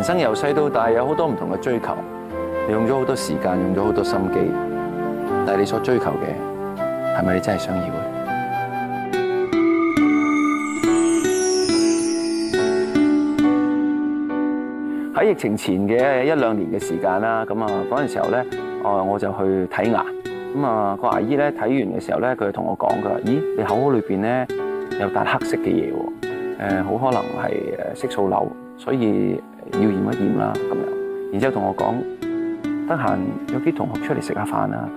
人生由細到大有好多唔同嘅追求，你用咗好多時間，用咗好多心機，但係你所追求嘅係咪你真係想要？喺疫情前嘅一兩年嘅時間啦，咁啊嗰陣時候咧，誒我就去睇牙，咁啊個阿姨咧睇完嘅時候咧，佢同我講，佢話：咦，你口腔裏邊咧有笪黑色嘅嘢，誒，好可能係誒色素瘤，所以。要驗一驗啦，咁樣，然之後同我講，得閒有啲同學出嚟食下飯啦，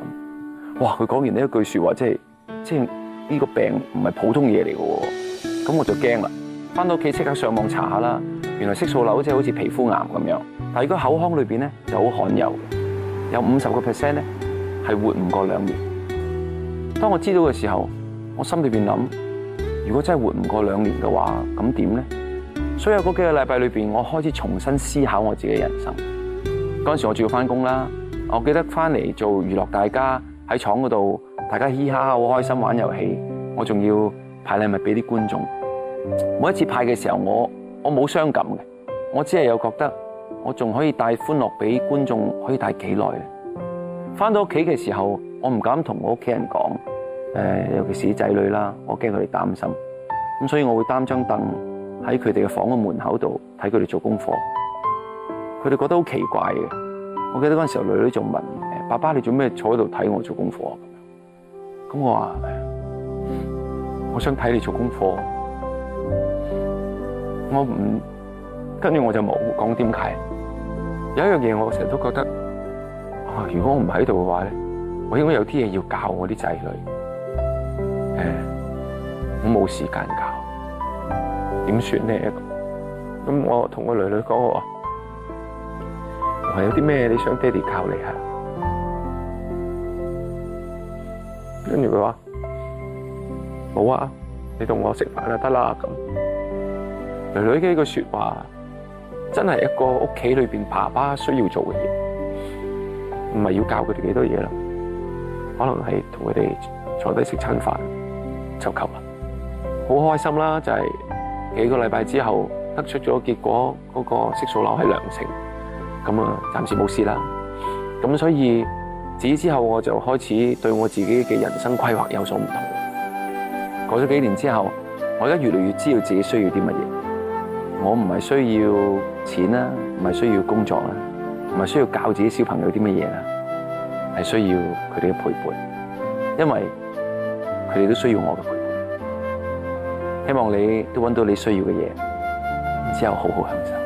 咁，哇，佢講完呢一句說話，即係，即係呢個病唔係普通嘢嚟嘅，咁我就驚啦，翻到屋企即刻上網查下啦，原來色素瘤即係好似皮膚癌咁樣，但係如果口腔裏邊咧就好罕有，有五十個 percent 咧係活唔過兩年，當我知道嘅時候，我心裏邊諗，如果真係活唔過兩年嘅話，咁點咧？所以嗰幾個禮拜裏邊，我開始重新思考我自己嘅人生。嗰陣時我仲要翻工啦，我記得翻嚟做娛樂大家喺廠嗰度，大家嘻哈好開心玩遊戲。我仲要派禮物俾啲觀眾。每一次派嘅時候我，我我冇傷感嘅，我只係有覺得我仲可以帶歡樂俾觀眾，可以帶幾耐？翻到屋企嘅時候，我唔敢同我屋企人講，誒，尤其是仔女啦，我驚佢哋擔心。咁所以我會擔張凳。喺佢哋嘅房嘅門口度睇佢哋做功課，佢哋覺得好奇怪嘅。我記得嗰陣時候，女女仲問，爸爸你做咩坐喺度睇我做功課啊？咁我話，嗯，我想睇你做功課，我唔，跟住我就冇講點解。有一樣嘢我成日都覺得，如果我唔喺度嘅話咧，我應該有啲嘢要教我啲仔女，誒，嗯，我冇時間教。點算咧？咁我同個女女講我話，係有啲咩你想爹哋教你啊？跟住佢話好啊，你同我食飯就得啦。咁女女嘅呢句說話，真係一個屋企裏邊爸爸需要做嘅嘢，唔係要教佢哋幾多嘢啦，可能係同佢哋坐低食餐飯就夠啦，好開心啦，就係、是。幾個禮拜之後得出咗結果，嗰個色素瘤係良性，咁啊暫時冇事啦。咁所以自此之後我就開始對我自己嘅人生規劃有所唔同。過咗幾年之後，我而家越嚟越知道自己需要啲乜嘢。我唔係需要錢啦，唔係需要工作啦，唔係需要教自己小朋友啲乜嘢啦，係需要佢哋嘅陪伴，因為佢哋都需要我嘅陪伴。希望你都揾到你需要嘅嘢，然之後好好享受。